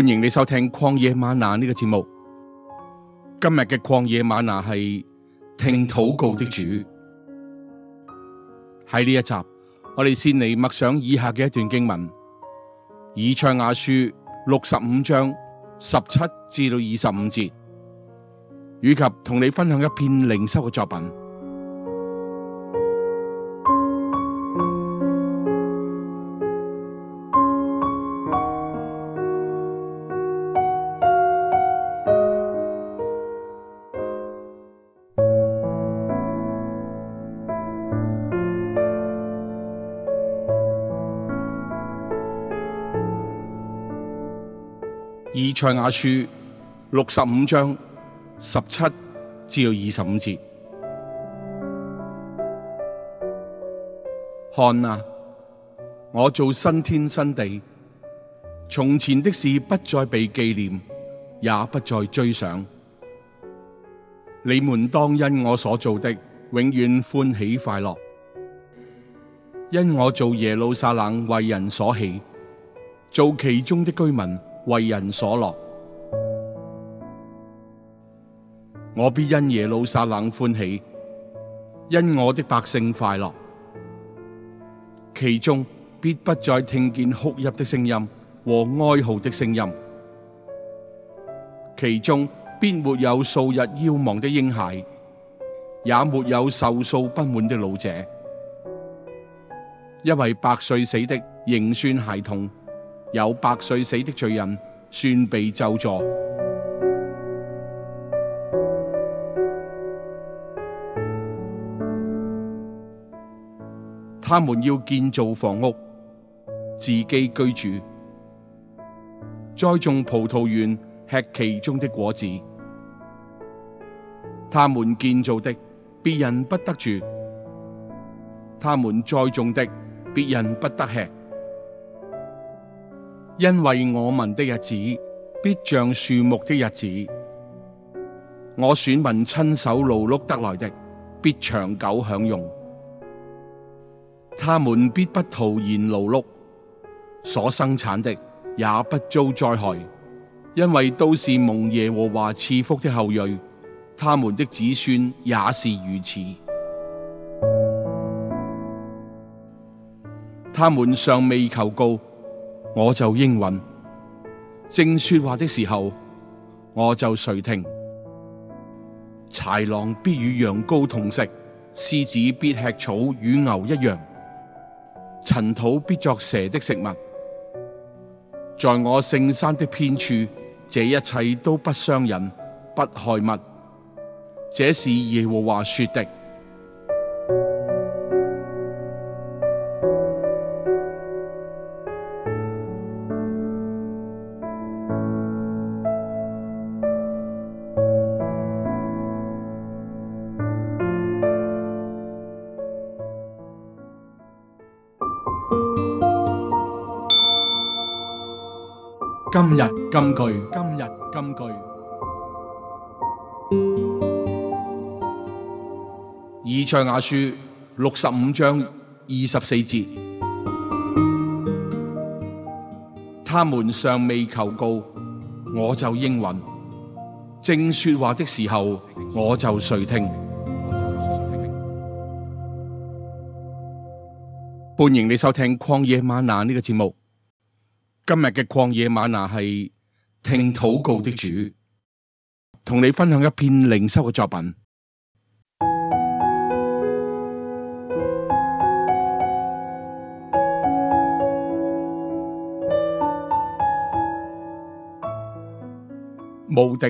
歡迎你收聽曠野嗎哪呢個節目。今日嘅曠野嗎哪係聽禱告的主。喺呢一集，我哋先嚟默想以下嘅一段經文：以賽亞書六十五章十七至到二十五節，以及同你分享一篇靈修嘅作品。以賽亞書六十五章十七至二十五節，看啊！我做新天新地，從前的事不再被紀念，也不再追想。你們當因我所做的永遠歡喜快樂，因我做耶路撒冷為人所喜，做其中的居民。為人所樂，我必因耶路撒冷歡喜，因我的百姓快樂。其中必不再聽見哭泣的聲音和哀號的聲音，其中必沒有數日夭亡的嬰孩，也沒有壽數不滿的老者，因為百歲死的仍算孩童。有百歲死的罪人算被咒詛。他們要建造房屋，自己居住，栽種葡萄園，吃其中的果子。他們建造的，別人不得住；他們栽種的，別人不得吃。因為我們的日子必像樹木的日子，我選民親手勞碌得來的，必長久享用。他們必不徒然勞碌，所生產的也不遭災害，因為都是蒙耶和華賜福的後裔，他們的子孫也是如此。他們尚未求告。我就應允，正說話的時候，我就垂聽。豺狼必與羊羔同食，獅子必吃草與牛一樣，塵土必作蛇的食物。在我聖山的遍處，這一切都不傷人，不害物。這是耶和華說的。今日，今日金句，今日金句。以賽亞書六十五章二十四節，他們尚未求告，我就應允；正說話的時候，我就垂聽。歡迎你收聽曠野嗎哪呢個節目。今日嘅曠野嗎哪係聽禱告的主，同你分享一篇靈修嘅作品。慕迪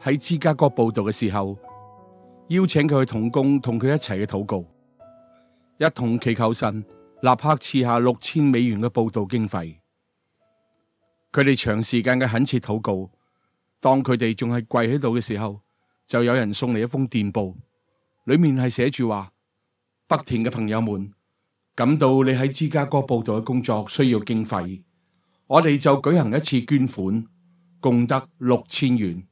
喺芝加哥報道嘅時候，邀請佢去同工，同佢一齊嘅禱告，一同祈求神，立刻賜下六千美元嘅報道經費。佢哋長時間嘅懇切禱告，當佢哋仲係跪喺度嘅時候，就有人送嚟一封電報，裏面係寫住話：北田嘅朋友們感到你喺芝加哥報導嘅工作需要經費，我哋就舉行一次捐款，共得六千元。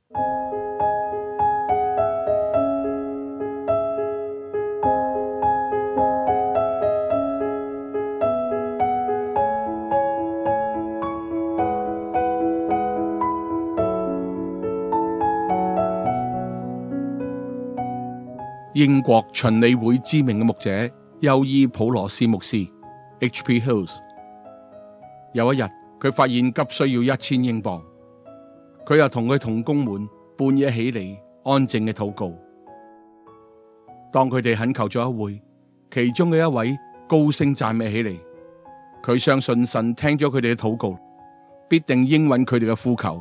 英國巡理會知名嘅牧者休衣普羅斯牧師 （H. P. h o s e 有一日，佢發現急需要一千英鎊，佢又同佢同工們半夜起嚟，安靜嘅禱告。當佢哋懇求咗一會，其中嘅一位高聲讚美起嚟，佢相信神聽咗佢哋嘅禱告，必定應允佢哋嘅呼求。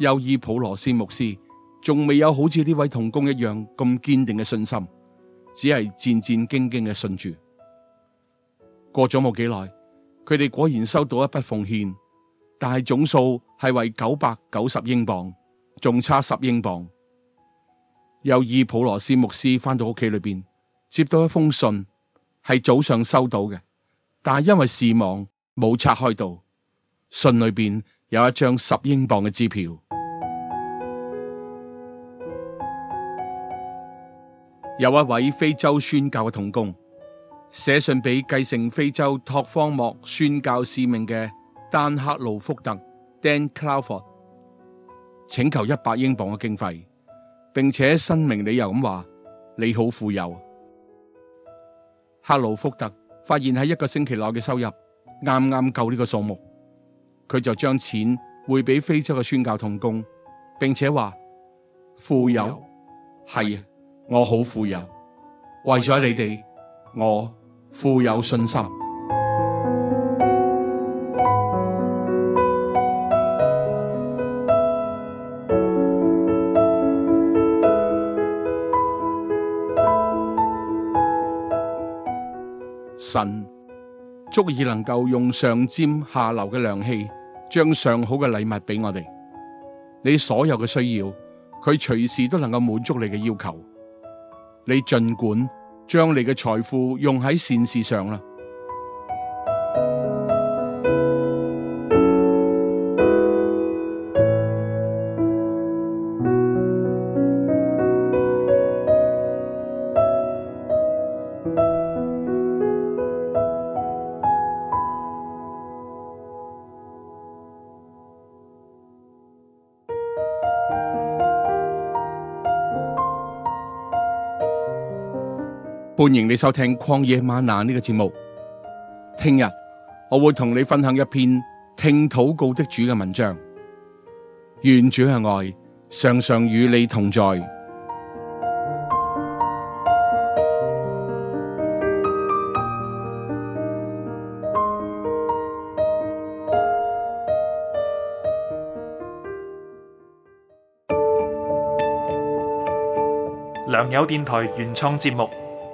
休衣普羅斯牧師。仲未有好似呢位同工一樣咁堅定嘅信心，只係戰戰兢兢嘅信住。過咗冇幾耐，佢哋果然收到一筆奉獻，但係總數係為九百九十英鎊，仲差十英鎊。又爾普羅斯牧師返到屋企裏邊，接到一封信，係早上收到嘅，但係因為事忙冇拆開到，信裏邊有一張十英鎊嘅支票。有一位非洲宣教嘅童工寫信俾繼承非洲托方莫宣教使命嘅丹克魯福特 （Dan Clough） 請求一百英鎊嘅經費，並且申明理由咁話：你好富有。克魯福特發現喺一個星期內嘅收入啱啱夠呢個數目，佢就將錢匯俾非洲嘅宣教童工，並且話：富有係。我好富有，為咗你哋，我富有信心。神足以能夠用上尖下流嘅量器，將上好嘅禮物俾我哋。你所有嘅需要，佢隨時都能夠滿足你嘅要求。你盡管將你嘅財富用喺善事上啦。歡迎你收聽曠野嗎哪呢個節目。聽日我會同你分享一篇聽禱告的主嘅文章。願主嘅愛常常與你同在。良友電台原創節目。